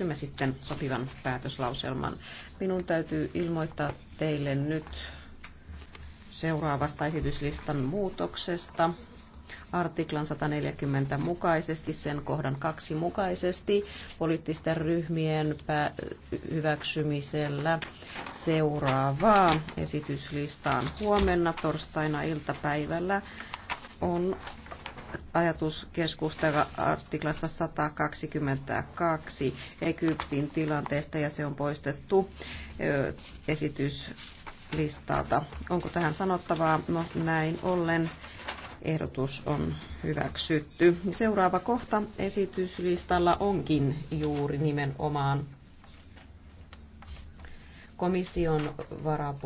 hyväksymme sitten sopivan päätöslauselman. Minun täytyy ilmoittaa teille nyt seuraavasta esityslistan muutoksesta artiklan 140 mukaisesti, sen kohdan kaksi mukaisesti, poliittisten ryhmien hyväksymisellä seuraavaa esityslistaan huomenna torstaina iltapäivällä on ajatus keskustella artiklasta 122 Egyptin tilanteesta ja se on poistettu esityslistalta. Onko tähän sanottavaa? No näin ollen ehdotus on hyväksytty. Seuraava kohta esityslistalla onkin juuri nimenomaan komission varapuolella.